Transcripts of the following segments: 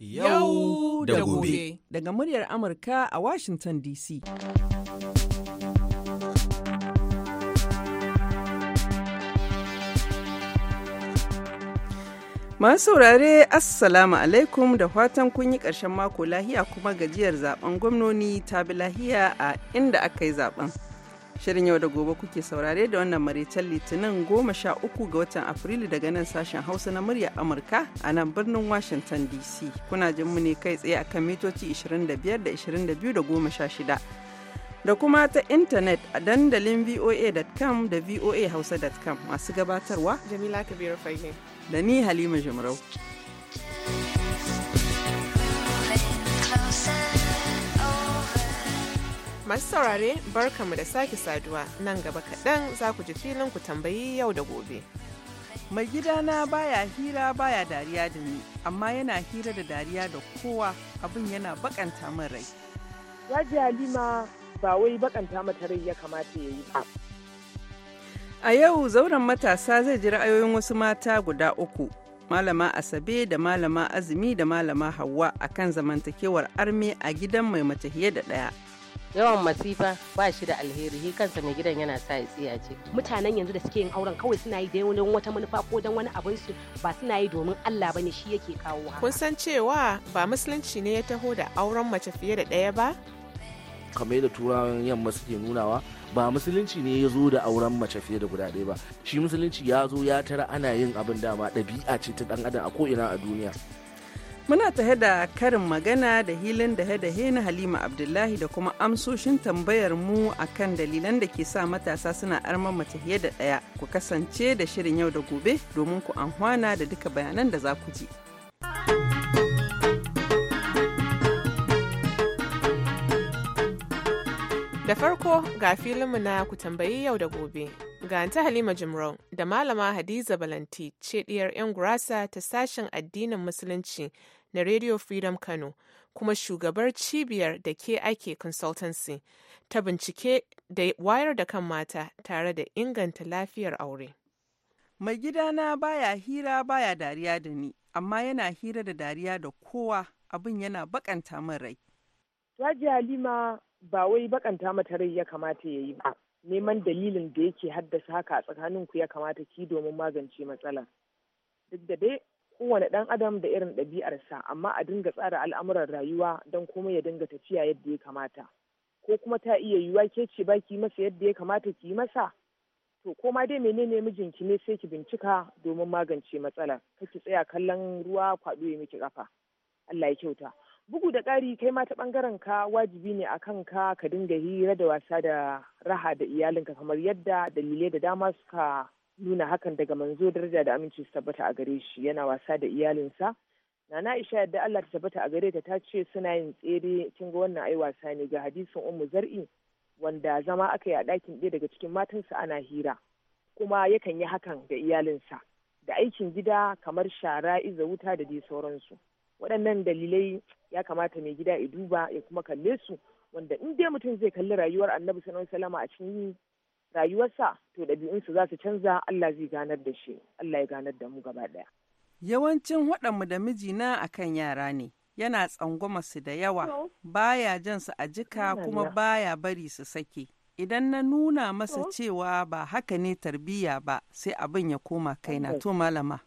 yau da gobe daga muryar amurka a washington dc Masu saurare Assalamu alaikum da fatan kun yi ƙarshen mako lahiya kuma gajiyar zaben gwamnoni ta bi lahiya a inda aka yi zaben. Shirin yau da gobe kuke saurare da wannan maraicen litinin goma sha uku ga watan Afrilu daga nan sashen Hausa na murya Amurka a nan birnin Washington DC. Kuna jin mu ne kai tsaye akan mitoci 25 da 22 da goma sha shida. Da kuma ta intanet a dandalin voa.com da voahausa.com masu gabatarwa. Jamila Kabiru Fahim. Da ni Halima Jumrau. Masu saurare barkamu da sake saduwa nan gaba kaɗan za ku ji filin ku tambayi yau da gobe. Mai gidana baya hira baya dariya da ni, amma yana hira da dariya da kowa abin yana bakanta min rai. Yaji Halima ba wai bakanta mata rai ya kamata ya yi ba. A yau zauren matasa zai ji ra'ayoyin wasu mata guda uku, Malama Asabe da Malama Azumi da Malama Hauwa akan zamantakewar armi a gidan mai mace da ɗaya. yawan masifa ba shi da alheri shi kansa mai gidan yana sa ya tsiyace mutanen yanzu da suke yin auren kawai suna yi da wata manufa ko dan wani abin su ba suna yi domin Allah bane shi yake kawo haka kun san cewa ba musulunci ne ya taho da auren mace fiye da ɗaya ba kamar da turawan yamma suke nunawa ba musulunci ne ya zo da auren mace fiye da guda ɗaya ba shi musulunci ya zo ya tara ana yin abin dama ɗabi'a ce ta ɗan adam a ko'ina a duniya Muna ta da karin magana da hilin da dahe na Halima Abdullahi da kuma amsoshin tambayar mu kan dalilan da ke sa matasa suna arman mace fiye da ɗaya. Ku kasance da shirin yau da gobe domin ku anhwana da duka bayanan da za ku ji. Da farko ga filinmu na ku tambayi yau da gobe. Ga ta Halima Jimrau da Malama Hadiza Balanti ce ɗiyar 'yan gurasa ta sashen addinin Musulunci na Radio Freedom Kano kuma shugabar cibiyar da ke ake consultancy ta bincike da wayar da kan mata tare da inganta lafiyar aure. Mai gidana baya hira baya dariya da ni, amma yana hira da dariya da kowa abin yana bakanta min rai. Raji Halima ba wai bakanta mata rai ya kamata ya yi ba. neman dalilin da yake haddasa haka a tsakanin ku ya kamata ki domin magance matsalar duk da dai kowane ɗan adam da irin ɗabi'arsa amma a dinga tsara al'amuran rayuwa don komai ya dinga tafiya yadda ya kamata ko kuma ta iya yiwuwa ke ce ba ki masa yadda ya kamata ki yi masa to ko ma dai menene mijinki ne sai ki bincika domin magance matsalar kar ki tsaya kallon ruwa kwaɗo ya miki ƙafa. Allah ya kyauta bugu da ƙari kai ma ta ɓangaren ka wajibi ne a kan ka ka dinga hira da wasa da raha da iyalinka kamar yadda dalilai da dama suka nuna hakan daga manzo daraja da aminci su tabbata a gare shi yana wasa da iyalinsa Nana Aisha yadda Allah ta tabbata a gare ta ta ce suna yin tsere kin ga wannan ai wasa ne ga hadisin Ummu Zar'i wanda zama aka yi a ɗakin ɗaya daga cikin matansa ana hira kuma yakan yi hakan ga iyalinsa da aikin gida kamar shara iza wuta da dai sauransu. waɗannan dalilai ya kamata mai gida ya duba ya kuma kalle su wanda in dai mutum zai kalli rayuwar annabi sanar salama a cikin rayuwarsa to ɗabi'unsu za su canza Allah zai ganar da shi Allah ya ganar da mu gaba ɗaya. Yawancin waɗanmu da mijina akan yara ne yana tsangwama su da yawa baya jan su a jika kuma baya bari su sake idan na nuna masa cewa ba haka ne tarbiyya ba sai abin ya koma kaina to malama.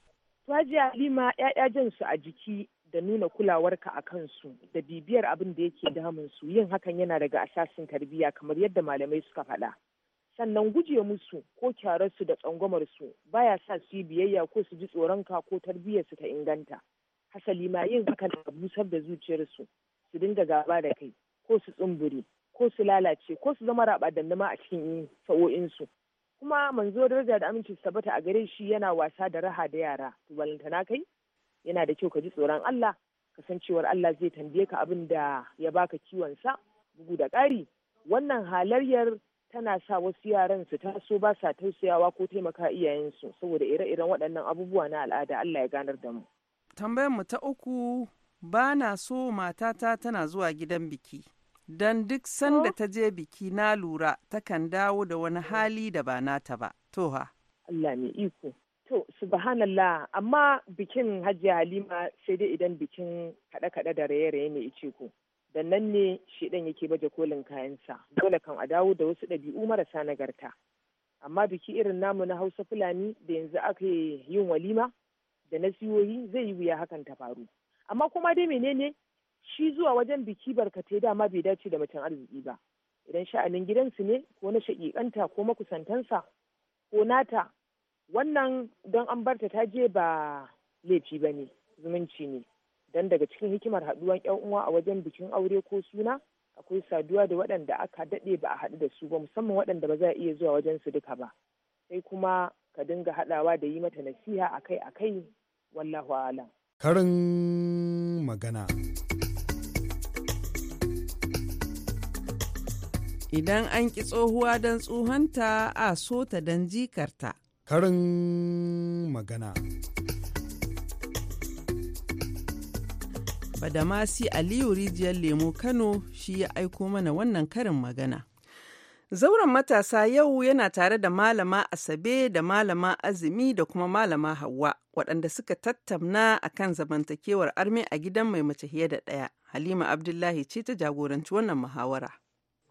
Wajiya Halima ‘ya'ya jan su a jiki da nuna kulawarka a kansu da bibiyar abin da yake damun su yin hakan yana daga asasin tarbiyya kamar yadda malamai suka faɗa sannan guje musu ko kyararsu da tsangwamar su baya sa su yi biyayya ko su ji tsoronka ko tarbiyyarsu ta inganta hasali ma yin hakan na busar da zuciyarsu su dinga gaba da kai ko su tsumburi ko su lalace ko su zama raɓa nama a cikin sa'o'insu kuma manzo daraja da aminci sabata a gare shi yana wasa da raha da yara to na kai yana da kyau ka ji tsoron Allah kasancewar Allah zai tambaye ka abin da ya baka kiwon sa bugu da ƙari wannan halayyar tana sa wasu yaran su taso ba sa tausayawa ko taimaka iyayensu saboda ire-iren waɗannan abubuwa na al'ada Allah ya ganar da mu. Tambayar mu ta uku ba na so matata tana zuwa gidan biki. dan duk sanda ta je biki na lura takan dawo da wani hali da ba nata ba. Toha. Allah mai iko. To, subhanallah, amma bikin Hajiya Halima sai dai idan bikin kaɗe-kaɗe da raye-raye ne ice ku. Da nan ne shi ɗan yake baje kolin kayansa, dole kan a dawo da wasu ɗabi'u marasa nagarta. Amma biki irin namu na Hausa Fulani da yanzu aka yin walima da na siyoyi zai yi wuya hakan ta faru. Amma kuma dai menene shi zuwa wajen biki barkate dama bai dace da mutum arziki ba. Idan sha'anin gidansu ne ko na shaƙiƙanta ko makusantansa ko nata wannan don an barta ta je ba laifi ba ne zumunci ne don daga cikin hikimar haduwan 'yan uwa a wajen bikin aure ko suna akwai saduwa da waɗanda aka daɗe ba a haɗu da su ba musamman waɗanda ba za a iya zuwa wajen su duka ba sai kuma ka dinga haɗawa da yi mata nasiha akai akai wallahu alam karin magana idan an ki tsohuwa don tsohonta a so ta don jikarta karin magana. Badamasi Aliyu Rijiyar Lemo Kano shi ya aiko mana wannan karin magana. Zauren matasa yau yana tare da malama Asabe da malama Azumi da kuma malama Hauwa waɗanda suka tattauna kan zamantakewar armi a gidan mai mace da ɗaya. Halima Abdullahi ce ta jagoranci wannan muhawara.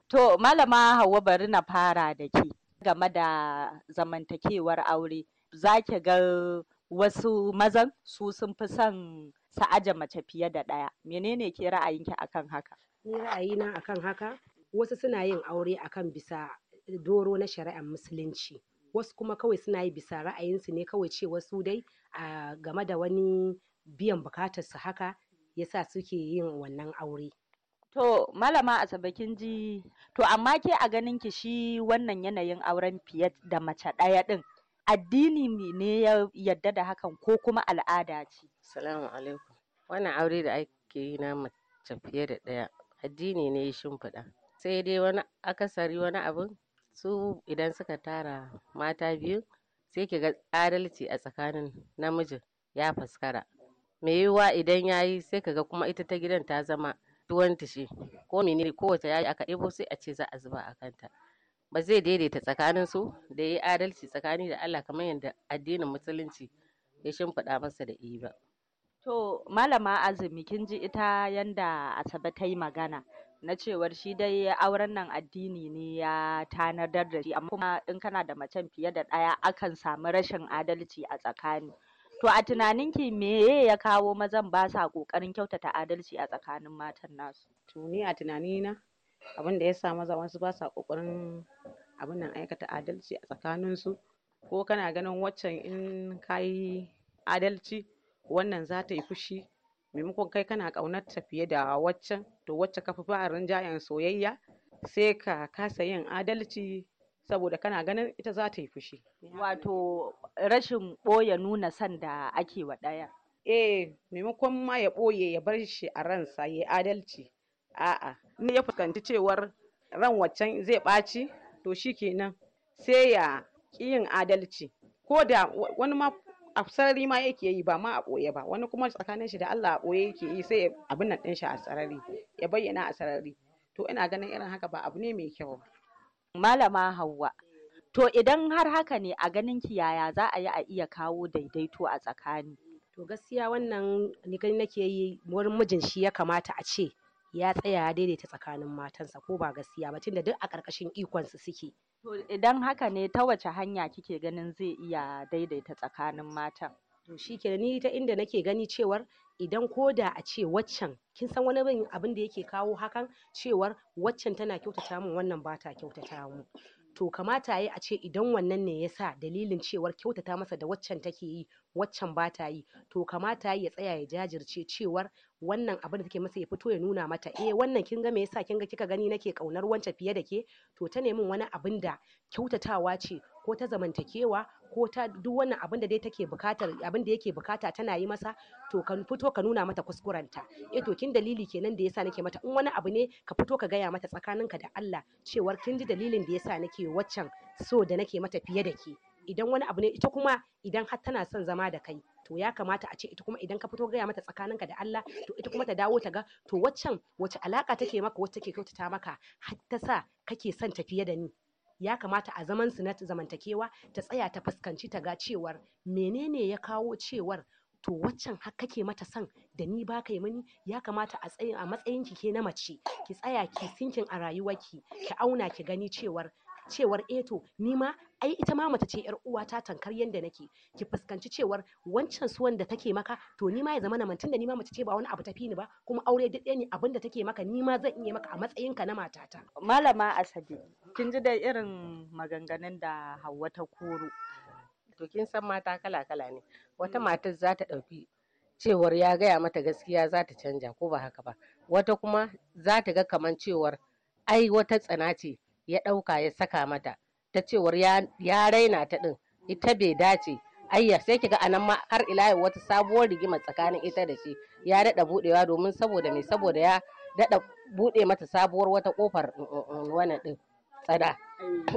To, malama Hauwa bari na fara da ke. game da zamantakewar aure za ki ga wasu mazan su sun fi son sa'aja mace fiye da ɗaya menene ke ra'ayinki akan haka ni ra'ayina akan haka wasu suna yin aure akan bisa doro na shari'ar musulunci wasu kuma kawai suna yi bisa ra'ayinsu ne kawai ce wasu dai a game da wani biyan su haka yasa suke yin wannan aure To malama Asabe kin ji to amma ke a ganin ki shi wannan yanayin auren fiye da mace ɗaya din addini ne ya yadda da hakan ko kuma al'ada ce. Salamu alaikum. Wannan aure da ake yi na mace fiye da ɗaya addini ne ya shimfiɗa. Sai dai wani akasari wani abin su idan suka tara mata biyu sai ki ga adalci a tsakanin namijin ya faskara. Me yiwuwa idan yayi sai ka ga kuma ita ta gidan ta zama tuwanta ce ko menene kowace yayi aka ɗebo sai a ce za a zuba a kanta ba zai daidaita tsakanin su da ya yi adalci tsakani da Allah kamar yadda addinin musulunci ya shimfiɗa masa da yi ba. To malama azumi kin ji ita yanda Asabe ta yi magana na cewar shi dai auren nan addini ne ya tanadar da shi amma kuma in kana da macen fiye da ɗaya akan samu rashin adalci a tsakani. To a tunaninki ki meye ya kawo mazan ba sa ƙoƙarin kyautata adalci a tsakanin matan nasu? To ni a tunanina abin da ya sa maza wasu ba sa ƙoƙarin abin nan aikata adalci a tsakaninsu ko kana ganin waccan in kayi adalci wannan za ta yi fushi maimakon kai kana ƙaunarta fiye da waccan to wacce ka fi ba rinjayen soyayya sai ka kasa yin adalci saboda kana ganin ita za ta yi fushi wato rashin ɓoye nuna son da ake wa ɗaya eh maimakon ma ya ɓoye ya bar shi a ransa ya adalci a'a ni ya fuskanci cewar ran waccan zai ɓaci to shi kenan sai ya yin adalci ko da wani ma a sarari ma yake yi ba ma a ɓoye ba wani kuma tsakanin shi da Allah a ɓoye yake yi sai abin nan ɗin shi a sarari ya bayyana a sarari to ina ganin irin haka ba abu ne mai kyau Malama Hauwa. Eh, to idan har haka ne a ganin ki yaya za a yi a iya kawo daidaito a tsakani? To gaskiya wannan ni gani nake yi wurin mijin shi ya kamata a ce ya tsaya ya daidaita tsakanin matansa ko ba gaskiya ba tunda duk a ƙarƙashin ikonsu suke. To idan haka ne ta wace hanya kike ganin zai iya daidaita tsakanin matan? to shi kenan ni ta inda nake gani cewar idan ko da a ce waccan kin san wani bin abin da yake kawo hakan cewar waccan tana kyautata min wannan ba ta kyautata mu to kamata yayi a ce idan wannan ne yasa dalilin cewar kyautata masa da waccan take yi waccan ba ta yi to kamata ya tsaya ya jajirce cewar wannan abin da take masa ya fito ya nuna mata eh wannan kin ga me yasa kin ga kika gani nake kaunar wancan fiye da ke to ta nemi wani abin da kyautatawa ce ko ta zamantakewa ko ta duk wannan abin da dai take bukatar abin da yake bukata tana yi masa to ka fito ka nuna mata kuskurenta eh to kin dalili kenan da yasa nake mata in wani abu ne ka fito ka gaya mata tsakaninka da Allah cewar kin ji dalilin da yasa nake waccan so da nake mata fiye da ke idan wani abu ne ita kuma idan har tana son zama da kai to ya kamata a ce ita kuma idan ka fito gaya mata tsakaninka da Allah to ita kuma ta dawo ta ga to waccan wace alaka take maka wacce take kyautata maka har ta sa kake son ta fiye da ni ya kamata a zaman su na zamantakewa ta tsaya ta fuskanci ta ga cewar menene ya kawo cewar to waccan har kake mata son da ni ba kai mini ya kamata a tsayin a matsayin ki ke na mace ki tsaya ki sinkin a rayuwarki ki auna ki gani cewar cewar eto eh nima ai ita ma mace ce yar uwata tankar yanda nake ki fuskanci cewar wancan suwan da take maka to nima ya zama na da da nima mace ce ba wani abu tafi ni ba kuma aure duk ne abin da take maka nima zan iya maka a ka na matata malama asabe kin ji da irin maganganun da Hauwa ta koro to kin san mata kala kala ne wata mm. matar za ta ɗauki cewar ya gaya mata gaskiya za ta canja ko ba haka ba wata kuma za ta ga kamar cewar ai wata tsana ce ya ɗauka ya saka mata ta cewar ya raina ta ɗin ita bai dace ayya sai kiga anan ma har ila yau wata sabuwar rigima tsakanin ita da shi ya daɗa buɗewa domin saboda me saboda ya daɗa buɗe mata sabuwar wata ƙofar mm, mm, mm, wannan ɗin tsada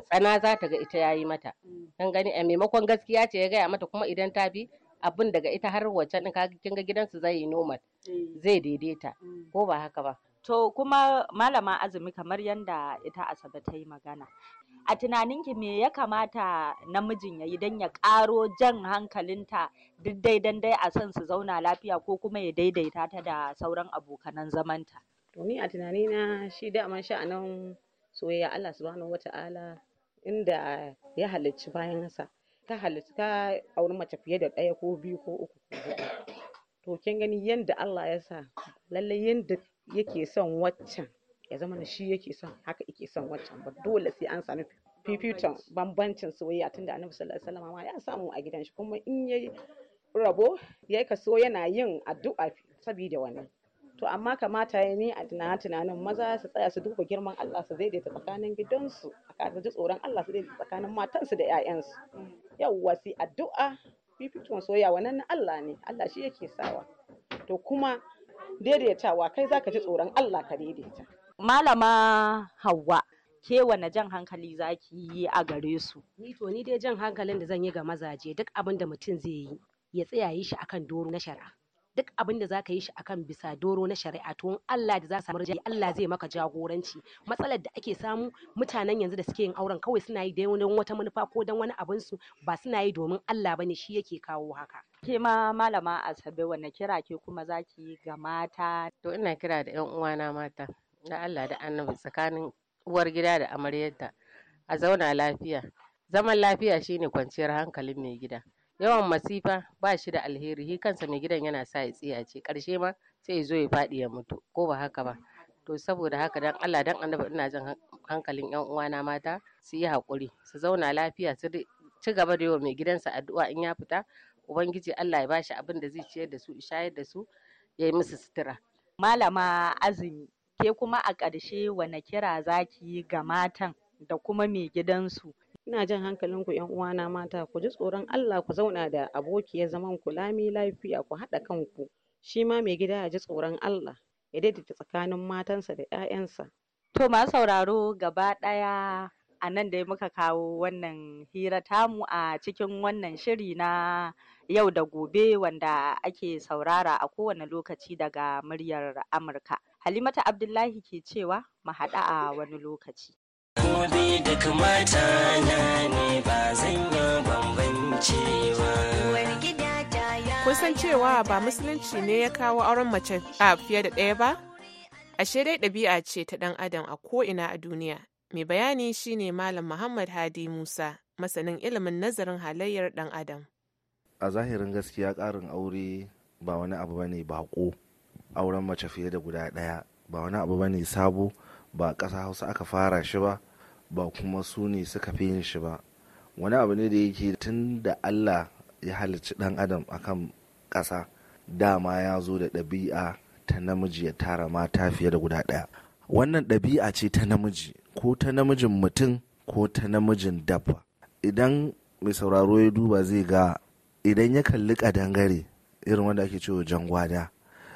tsana za ta ga ita ya yi mata kan gani a maimakon gaskiya ce ya gaya mata kuma idan ta bi abin daga ita har wacce ɗin kin ga gidansu zai yi normal zai daidaita ko ba haka ba To kuma malama azumi kamar yadda ita Asabe ta magana. A tunaninki me ya kamata namijin ya yi don ya ƙaro jan hankalinta duk dai don dai a son su zauna lafiya ko kuma ya daidaita ta da sauran abokanan zamanta? To ni a tunanina shi dama anan soyayya Allah subhanahu wata'ala inda ya halicci bayan sa ka halicci ka auri mace fiye da ɗaya ko biyu ko uku To kin gani yanda Allah ya sa lallai yanda yake son waccan ya zama na shi yake son haka yake son waccan ba dole sai an sami fifiton bambancin soyayya tunda annabi sallallahu alaihi wasallam ya samu a gidan shi kuma in yayi rabo yayi kaso yana yin addu'a saboda wani to amma kamata ya ni a tunanin maza su tsaya su duba girman Allah su zai daidaita tsakanin gidansu a ji tsoron Allah su zai daidaita tsakanin matansu da 'ya'yansu yawwa sai addu'a fifiton soyayya wannan na Allah ne Allah shi yake sawa to kuma daidaitawa kai zaka ji tsoron Allah ka daidaita malama Hauwa ke wane jan hankali zaki yi a gare su ni to ni dai jan hankalin da zan yi ga mazaje duk abin da mutum zai yi ya tsayaye yi shi akan doro na shari'a duk abin da zaka yi shi akan bisa doro na shari'a to Allah da za samu rijali Allah zai maka jagoranci matsalar da ake samu mutanen yanzu da suke yin auren kawai suna yi don wata manufa ko don wani abin su ba suna yi domin Allah bane shi yake kawo haka ke ma malama asabe wanne kira ke kuma zaki ga mata to ina kira da yan uwana mata da Allah da annabi tsakanin uwar gida da amaryarta a zauna lafiya zaman lafiya shine kwanciyar hankalin mai gida Yawan masifa ba shi da alheri, shi kansa mai gidan yana sa ya tsiyace, ƙarshe ma sai ya zo ya faɗi ya mutu, ko ba haka ba. To saboda haka dan Allah dan annabi ina jin hankalin ‘yan uwana mata su yi haƙuri, su zauna lafiya, su ci gaba da yawa mai gidansa addu'a in ya fita, Ubangiji Allah ya ba shi abin da zai ciyar da su, shayar da su, ya yi musu sutura. Malama Azumi, ke kuma a ƙarshe wane kira zaki ga matan da kuma mai gidansu ina jan hankalin ku ƴan uwana mata ku ji tsoron Allah ku zauna da abokiyar zaman ku lami lafiya ku haɗa kanku shi ma mai gida ya ji tsoron Allah ya daidaita tsakanin matansa da ƴaƴansa to masu sauraro gaba ɗaya a nan dai muka kawo wannan hira tamu a cikin wannan shiri na yau da gobe wanda ake saurara a kowane lokaci daga muryar Amurka Halimatu Abdullahi ke cewa mu haɗu a wani lokaci gobe da kamata ne ba zan yi kusan cewa ba musulunci ne ya kawo auren mace a fiye da ɗaya ba ashe dai ɗabi'a ce ta ɗan adam a ko'ina a duniya mai bayani shine malam muhammad hadi musa masanin ilimin nazarin halayyar ɗan adam a zahirin gaskiya ƙarin aure ba wani abu ba ne baƙo auren mace fiye da guda ɗaya ba wani abu ba ne sabo ba ƙasa hausa aka fara shi ba ba kuma su ne suka fi yin shi ba wani abu ne da yake tun da allah ya halicci dan adam a akan kasa dama ya zo da ɗabi'a ta namiji ya tara mata fiye da guda ɗaya wannan ɗabi'a ce ta namiji ko ta namijin mutum ko ta namijin dabba idan mai sauraro ya duba zai ga idan ya kalli kadangare irin wanda ake cewa jangwada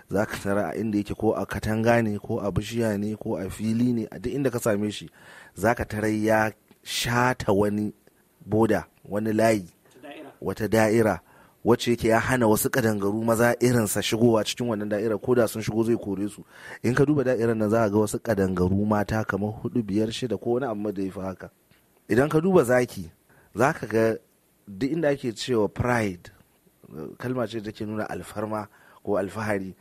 za ka tara a inda yake ko a katanga ne ko a bishiya ne ko a fili ne a duk inda ka same shi za ka tarai ya shata wani boda wani layi wata da'ira wacce yake ya hana wasu kadangaru maza irinsa shigowa cikin wannan da'ira ko da sun shigo zai kore su in ka duba da'irar nan za ga wasu kadangaru mata kamar hudu biyar shida ko wani abu da ya fi haka idan ka duba zaki za ka ga duk inda ake cewa pride kalma ce da ke nuna alfarma ko alfahari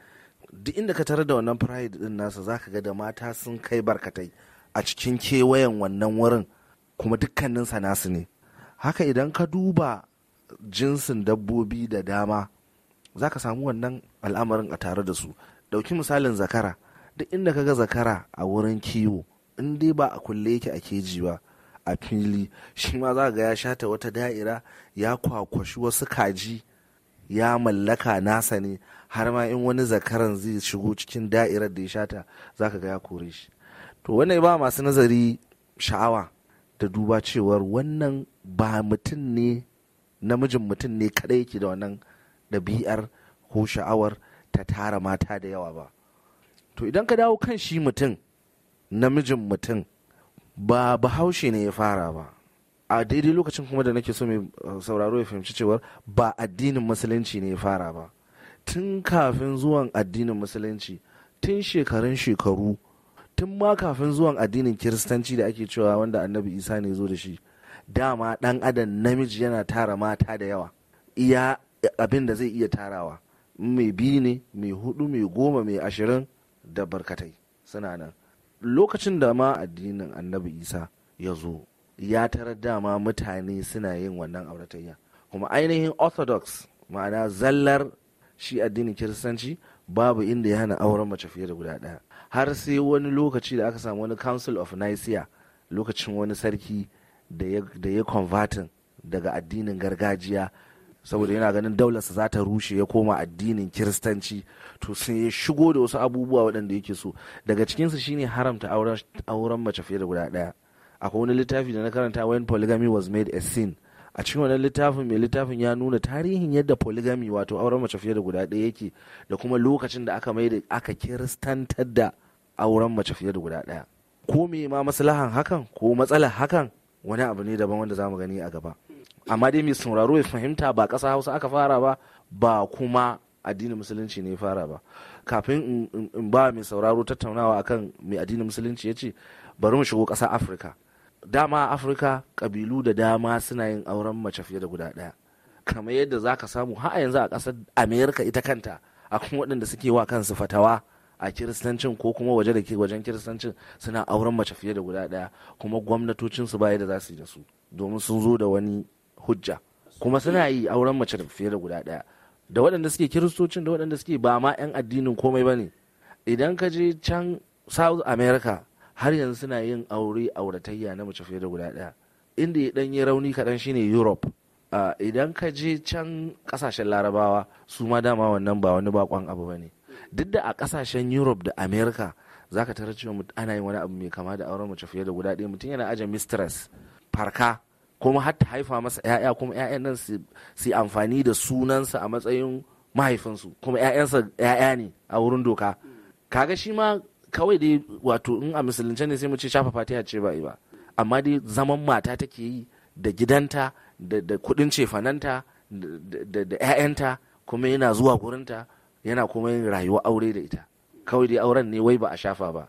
duk inda ka tarar da wannan pride din nasa za ka ga da mata sun kai barkatai a cikin kewayen wannan wurin kuma dukkaninsa nasu ne haka idan ka duba jinsin dabbobi da dama za ka samu wannan al'amarin a tare da su ɗauki misalin zakara duk inda ka ga zakara a wurin kiwo in dai ba a kulle yake a keji ba a fili shi ma za ga ya shata wata da'ira ya kwakwashi wasu kaji ya mallaka nasa ne har ma in wani zakaran zai shigo cikin da'irar da ya shata za ka ga ya kore shi to wannan ba masu nazari sha'awa da duba cewar wannan ba mutum ne namijin mutum ne kadai yake da wannan ɗabi'ar ko sha'awar ta tara mata da yawa ba to idan ka dawo kan shi mutum namijin mutum ba bahaushe ne ya fara ba a daidai lokacin kuma da nake so mai uh, sauraro ya fahimci cewar ba addinin musulunci ne ya fara ba tun kafin zuwan addinin musulunci tun shekarun shekaru tun ma kafin zuwan addinin kiristanci da ake cewa wanda annabi isa ne zo da shi dama dan adam namiji yana tara mata da yawa iya abin da zai iya tarawa mai biyu ne mai hudu mai goma mai ashirin da barkatai suna nan lokacin da ma addinin annabi isa ya zo ya tarar dama mutane suna yin wannan auratayya kuma ainihin orthodox ma'ana zallar shi addinin kiristanci babu inda ya hana auren mace fiye da guda ɗaya har sai wani lokaci da aka samu wani council of nicaea lokacin wani sarki da ya convertin daga addinin gargajiya saboda yana ganin daularsa za ta rushe ya koma addinin kiristanci to sai ya shigo da wasu abubuwa waɗanda yake so daga cikinsu shine haramta auren mace fiye da guda ɗaya akwai wani littafi da na karanta when polygamy was made a sin a cikin wannan littafin mai littafin ya nuna tarihin yadda polygamy wato auren mace fiye da guda ɗaya yake da kuma lokacin da aka mai da aka kiristantar da auren mace fiye da guda ɗaya ko me ma maslahan hakan ko matsalar hakan wani abu ne daban wanda zamu gani a gaba amma dai mai sauraro ya fahimta ba ƙasa hausa aka fara ba ba kuma addinin musulunci ne fara ba kafin in ba mai sauraro tattaunawa akan mai addinin musulunci ya ce bari mu shigo ƙasa afirka dama afirka kabilu da dama suna yin auren mace fiye da guda ɗaya kamar yadda za ka samu har yanzu a ƙasar amerika ita kanta a kuma waɗanda suke wa kansu fatawa a kiristancin ko kuma waje da wajen kiristancin suna auren mace fiye da guda ɗaya kuma gwamnatocinsu ba yadda za su yi da su domin sun zo da wani hujja kuma suna yi auren mace fiye da guda ɗaya da waɗanda suke kiristocin da waɗanda suke ba ma 'yan addinin komai ba ne idan ka je can south america har yanzu suna yin aure auratayya na mace fiye da guda ɗaya inda ya ɗan rauni kaɗan shine europe idan ka je can kasashen larabawa su ma dama wannan ba wani bakon abu ba ne duk da a kasashen europe da america za ka tarar cewa ana yin wani abu mai kama da auren mace fiye da guda ɗaya mutum yana aje mistress farka kuma har ta haifa masa 'ya'ya kuma 'ya'yan nan su amfani da sunansa a matsayin mahaifinsu kuma 'ya'yansa 'ya'ya ne a wurin doka kaga shi ma kawai dai wato in a musulunce ne sai mu ce shafa fatiha ce ba ba amma dai zaman mata take yi da gidanta da kudin cefananta da 'ya'yanta kuma yana zuwa gurinta yana kuma yin rayuwa aure da ita kawai dai auren ne wai ba a shafa ba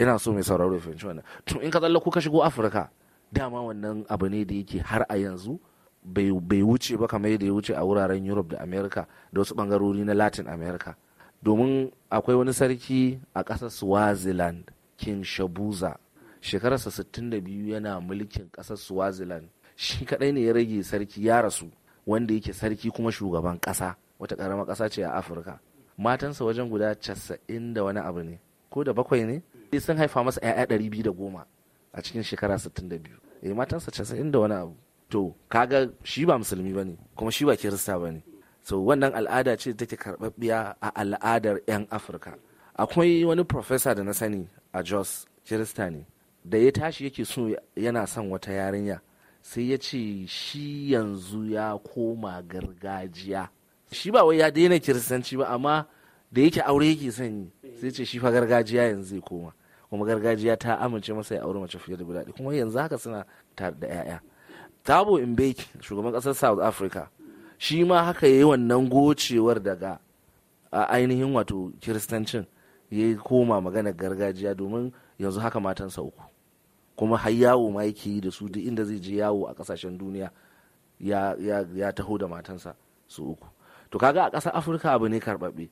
ina so mai sauraro ya fahimci wannan to in ka tsalla ko ka shigo afirka dama wannan abu ne da yake har a yanzu bai wuce ba kamar yadda ya wuce a wuraren europe da america da wasu bangarori na latin america domin akwai wani sarki a ƙasar swaziland king shabuza shekararsa 62 yana mulkin ƙasar swaziland shi kaɗai ne ya rage sarki ya rasu wanda yake sarki kuma shugaban ƙasa wata ƙaramar ƙasa ce a afirka matansa wajen guda casa'in da wani abu ne ko da bakwai ne sun haifa masa 'ya'ya ɗari biyu da goma a cikin shekara sittin da biyu eh, matansa casa'in da wani abu to kaga shi ba musulmi ba ne kuma shi ba kirista ba ne so wannan al'ada ce take karɓaɓɓiya a al'adar 'yan afirka akwai wani profesa da na sani a jos kirista ne da ya tashi yake so yana son wata yarinya sai ya ce shi yanzu ya koma gargajiya shi ba wai ya daina kiristanci ba amma da yake aure yake son yi sai ce shi fa gargajiya yanzu zai koma kuma gargajiya ta amince masa ya aure mace fiye da guda kuma yanzu haka suna tare da 'ya'ya tabo mbeki shugaban kasar south africa shi ma haka ya yi wannan gocewar daga a ainihin wato kiristancin ya yi koma maganar gargajiya domin yanzu haka matansa uku kuma har yawo ma yake yi da su duk inda zai je yawo a kasashen duniya ya, taho da matansa su uku to kaga a ƙasar afirka abu ne karɓaɓe.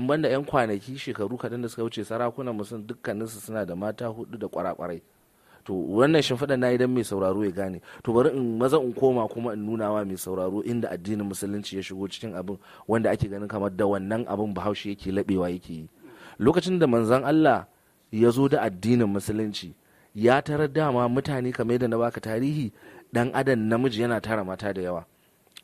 in banda 'yan kwanaki shekaru kaɗan da suka wuce sarakunan musun dukkaninsu suna da mata hudu da kwarakwarai to wannan shimfiɗa na idan mai sauraro ya gane to bari in maza in koma kuma in nuna wa mai sauraro inda addinin musulunci ya shigo cikin abin wanda ake ganin kamar da wannan abin bahaushe yake laɓewa yake yi lokacin da manzan Allah ya zo da addinin musulunci ya tarar dama mutane kamar da na baka tarihi dan adam namiji yana tara mata da yawa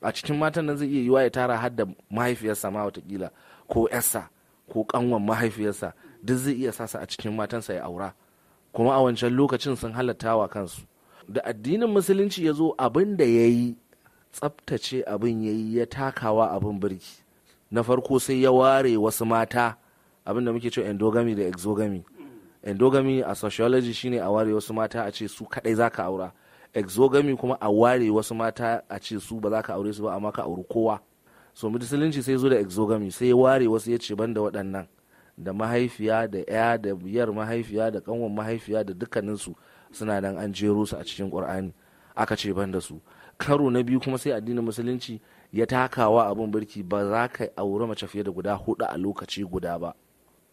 a cikin matan nan zai iya yiwa ya tara har da mahaifiyarsa ma watakila ko yarsa ko kanwan mahaifiyarsa duk zai iya sasa a cikin matansa ya aura kuma a wancan lokacin sun halatta wa kansu da addinin musulunci ya zo abin da ya yi tsabtace abin ya yi ya takawa abin birki na farko sai ya ware wasu mata abin da muke cewa endogamy da exogamy endogami a sociology shine a ware wasu mata a ce su kadai za ka aura exogamy kuma a ware wasu mata a ce su ba za ka aure su ba amma ka auri kowa so musulunci sai zo da exogamy sai ya ware wasu ya ce ban da waɗannan da mahaifiya da ya da yar mahaifiya da kanwan mahaifiya da dukkaninsu suna nan an jero su a cikin ƙur'ani aka ce ban da su karo na biyu kuma sai addinin musulunci ya takawa abin birki ba za ka auri mace fiye da guda hudu a lokaci guda ba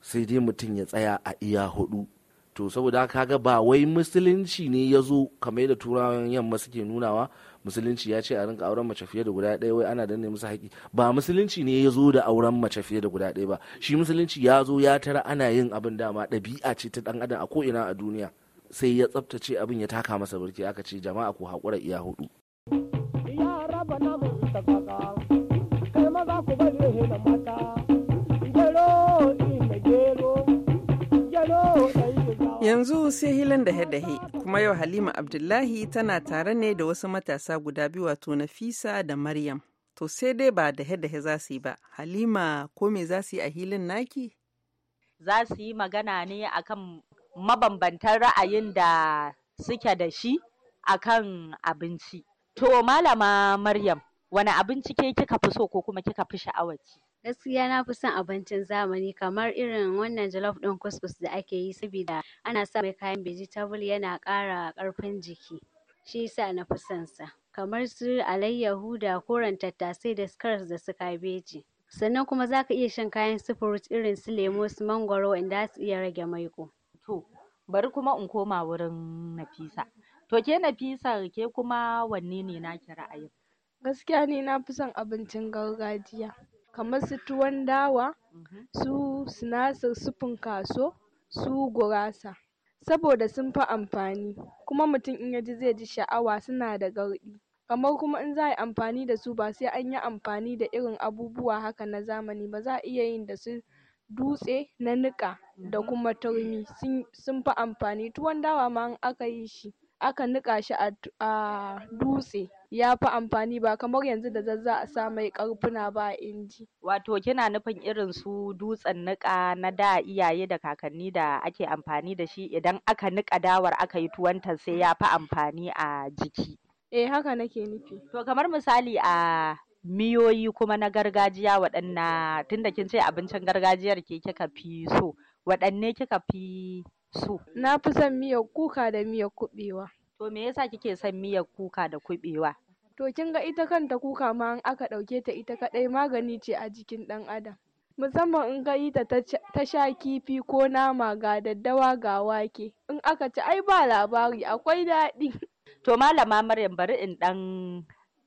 sai dai mutum ya tsaya a iya hudu to saboda kaga ba wai musulunci ne ya zo kamar da turawan yamma suke nunawa musulunci ya ce a rinka auren mace fiye da guda ɗaya wai ana danne musu haƙi ba musulunci ne ya zo da auren mace fiye da guda ɗaya ba shi musulunci ya zo ya tara ana yin abin dama ɗabi'a ce ta ɗan adam a ko'ina a duniya sai ya tsaftace abin ya taka masa birki aka ce jama'a ko haƙura iya hudu. Yanzu sai hilin da hadahi kuma yau Halima Abdullahi tana tare ne da wasu matasa guda biyu wato Nafisa da Maryam. To sai dai ba da dahe za su yi ba. Halima ko me za su yi a hilin naki? Za su yi magana ne akan mabambantan ra'ayin da suke da shi akan abinci. To malama Maryam, wani abinci ke kika fi so ko kuma kika fi sha'awar ci? Gaskiya na fi son abincin zamani kamar irin wannan jollof ɗin kuskus da ake yi saboda ana sa mai kayan vegetable yana ƙara ƙarfin jiki. Shi yasa na fi son sa. Kamar su alayyahu da koren tattasai da karas da su kabeji. Sannan kuma za ka iya shan kayan su fruit irin su lemo, su mangwaro waɗanda za su iya rage maiko. To, bari kuma in koma wurin Nafisa. To ke Nafisa ke kuma wanne ne naki ra'ayin? Gaskiya ni na fi son abincin gargajiya. kamar su tuwon dawa mm-hmm. su sinasir su funkaso su gurasa saboda sun fi amfani kuma mutum in yaji zai ji sha'awa suna da garɗi kamar kuma in za a yi amfani da su ba sai an yi amfani da irin abubuwa haka na zamani ba za a iya yin da su dutse na niƙa da mm-hmm. kuma turmi sun fi amfani tuwon dawa ma in aka yi shi aka niƙa shi a dutse ya fi amfani ba kamar yanzu da za a sa mai ƙarfuna ba a inji. Wato kina nufin irin su dutsen niƙa na da iyaye da kakanni da ake amfani da shi idan aka niƙa dawar aka yi ta sai ya fi amfani a jiki. Eh haka nake nufi. To kamar misali a miyoyi kuma na gargajiya waɗanna tunda kin ce abincin gargajiyar ke kika fi so waɗanne kika fi so. Na fi son miyar kuka da miyar kuɓewa. To me yasa kike son miyar kuka da kuɓewa? To kin ga ita kanta kuka ma in aka ɗauke ta ita kaɗai magani ce a jikin ɗan adam. Musamman in ka yi ta ta sha kifi ko nama ga daddawa ga wake. In aka ci ai ba labari akwai daɗi. To malama Maryam bari in ɗan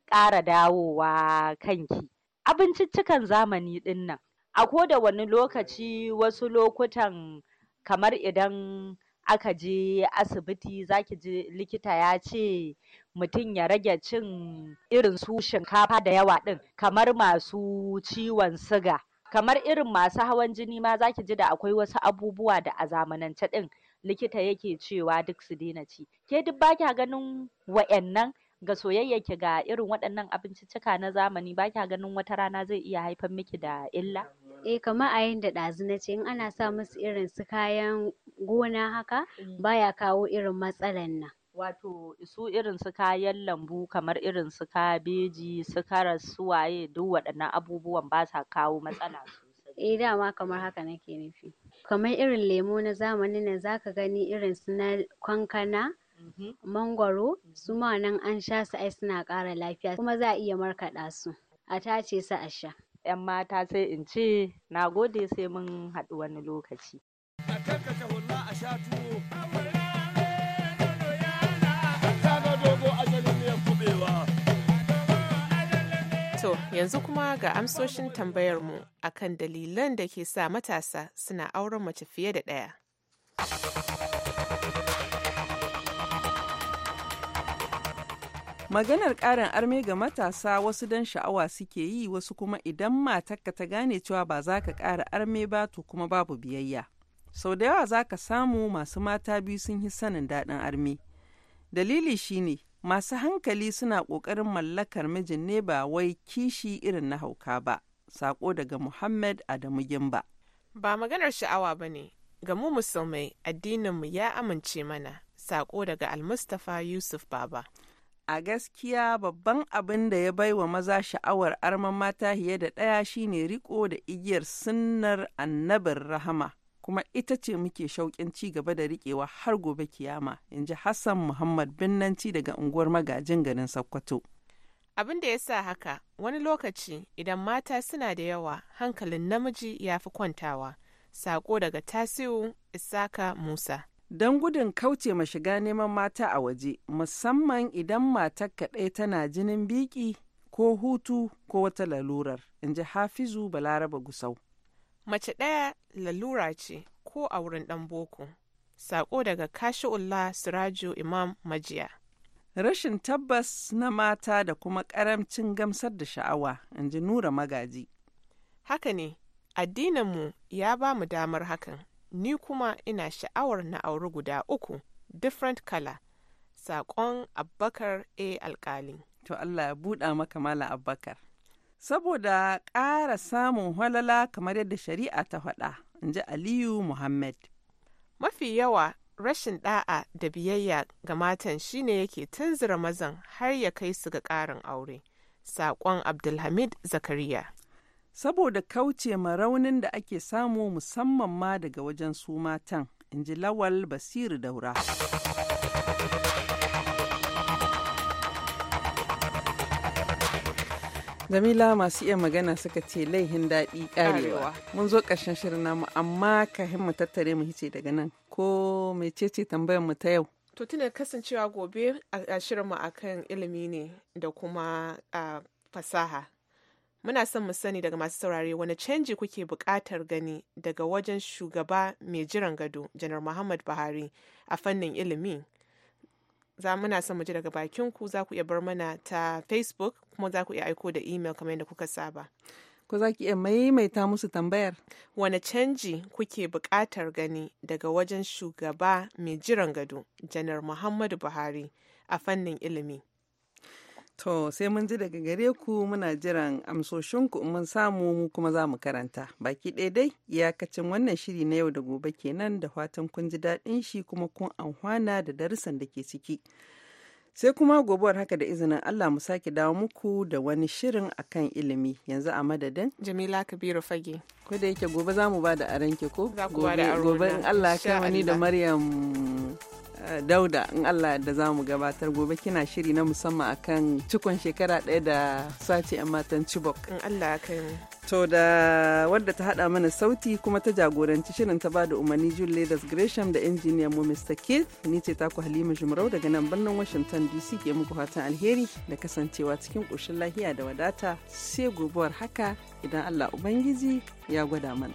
ƙara dawowa kanki. Abinciccikan zamani ɗin nan. A ko da wani lokaci wasu lokutan kamar idan aka je asibiti zaki ji likita ya ce mutum ya rage cin irin su shinkafa da yawa ɗin kamar masu ciwon siga kamar irin masu hawan jini ma zaki ji da akwai wasu abubuwa da a zamanance ɗin likita yake cewa duk su daina ci ke duk ba kya ganin wa'yannan ga soyayyaki ga irin waɗannan abinciccika na zamani ba kya ganin wata rana zai iya haifar miki da illa? Eh kamar a yanda ɗazu na ce in ana sa musu irin su kayan gona haka mm. baya kawo irin matsalan nan. Wato su irin su kayan lambu kamar irin su kabeji, su karas, su waye duk waɗannan abubuwan ba sa kawo matsala sosai. Eh dama kamar haka nake nufi. Kamar irin lemo na zamani nan zaka gani irin su na kankana Mm-hmm. mangwaro mm-hmm. ma nan an sha su ai suna ƙara lafiya kuma za a iya markaɗa su a tace su a sha. 'Yan mata sai in ce na gode sai mun haɗu wani lokaci. To, yanzu kuma ga amsoshin tambayar mu akan dalilan da ke sa matasa suna auren mace fiye da ɗaya. Maganar karin arme ga matasa wasu dan sha'awa suke yi wasu kuma idan matakka ta gane cewa ba za ka kara arme ba to kuma babu biyayya. Sau da yawa za ka samu masu mata biyu sun yi sanin daɗin arme. Dalili shine masu hankali suna ƙoƙarin mallakar mijin ne ba wai kishi irin na hauka ba. Sako daga Muhammad Adamu Gimba. Ba maganar sha'awa ba ne, ga mu musulmai addininmu ya amince mana. Sako daga Almustapha Yusuf Baba. a gaskiya babban abin da ya baiwa maza sha'awar arman mata hiye da ɗaya shine riko da igiyar sunnar annabin rahama kuma ita ce muke shauƙin ci gaba da riƙewa har gobe kiyama in ji hassan muhammad binnanci daga unguwar magajin garin sokoto abin da ya sa haka wani lokaci idan mata suna da yawa hankalin namiji ya fi kwantawa sako daga tasiu isaka musa don gudun kauce ma shiga neman mata a waje musamman idan matar kaɗai tana jinin biki ko hutu ko wata lalurar in ji hafizu balaraba gusau mace ɗaya lalura ce ko a wurin ɗan boko saƙo daga kashi'ullah siraju imam majiya rashin tabbas na mata da kuma ƙaramcin gamsar da sha'awa in ji nura magaji haka ne addininmu ya ba mu damar hakan ni kuma ina sha'awar na auri guda uku different color saƙon abbakar a eh, alƙali. to allah ya buɗa maka mala abbakar saboda ƙara samun walala kamar yadda shari'a ta faɗa in ji aliyu muhammad mafi yawa rashin ɗa'a da biyayya ga matan shine yake tunzura mazan har ya kai su ga ƙarin aure saƙon abdulhamid zakariya saboda kauce ma raunin da ake samu musamman ma daga wajen su matan in ji lawal basiru daura jamila masu iya magana suka ce laihin daɗi ƙarewa mun zo ƙarshen shirin namu amma ka himma tattare mu hice daga nan ko mecece tambayar mu ta yau to tuna kasancewa gobe a shirinmu akan ilimi ne da kuma fasaha Muna son mu sani daga masu saurare wani canji kuke buƙatar gani daga wajen shugaba mai jiran gado, Janar Muhammad Buhari, a fannin ilimi. Za muna son mu ji daga bakin ku za ku iya bar mana ta Facebook kuma za ku iya aiko da email kamar yadda kuka saba. Ko za ki iya maimaita musu tambayar? wani canji kuke buƙatar gani daga wajen shugaba mai jiran gado, Janar Muhammadu Buhari, a fannin ilimi? To sai mun ji daga gare ku muna jiran amsoshinku mun samu mu kuma za mu karanta. Baki ɗaya dai iyakacin wannan shiri na yau da gobe kenan da fatan kun ji daɗin shi kuma kun amfana da darussan da ke ciki. Sai kuma gobuwar haka da izinin Allah mu sake dawo muku da wani shirin akan ilimi yanzu a madadin. Jamila Kabiru Fage. Ko da yake gobe za mu ba da aranke ko? Za ku ba da Gobe in Allah kai wani da Maryam Eh, dauda in allah da za mu gabatar gobe kina shiri na musamman akan cikon shekara ɗaya da sace 'yan matan chibok in allah kai to da wadda ta haɗa mana sauti kuma ta jagoranci shirin ta ba da umarni june ladies gresham da injiniyan mu mr keith ni ce ta ku halima jumrau daga nan birnin washington dc ke muku fatan alheri da kasancewa cikin ƙoshin lahiya da wadata sai gobuwar haka idan allah ubangiji ya gwada mana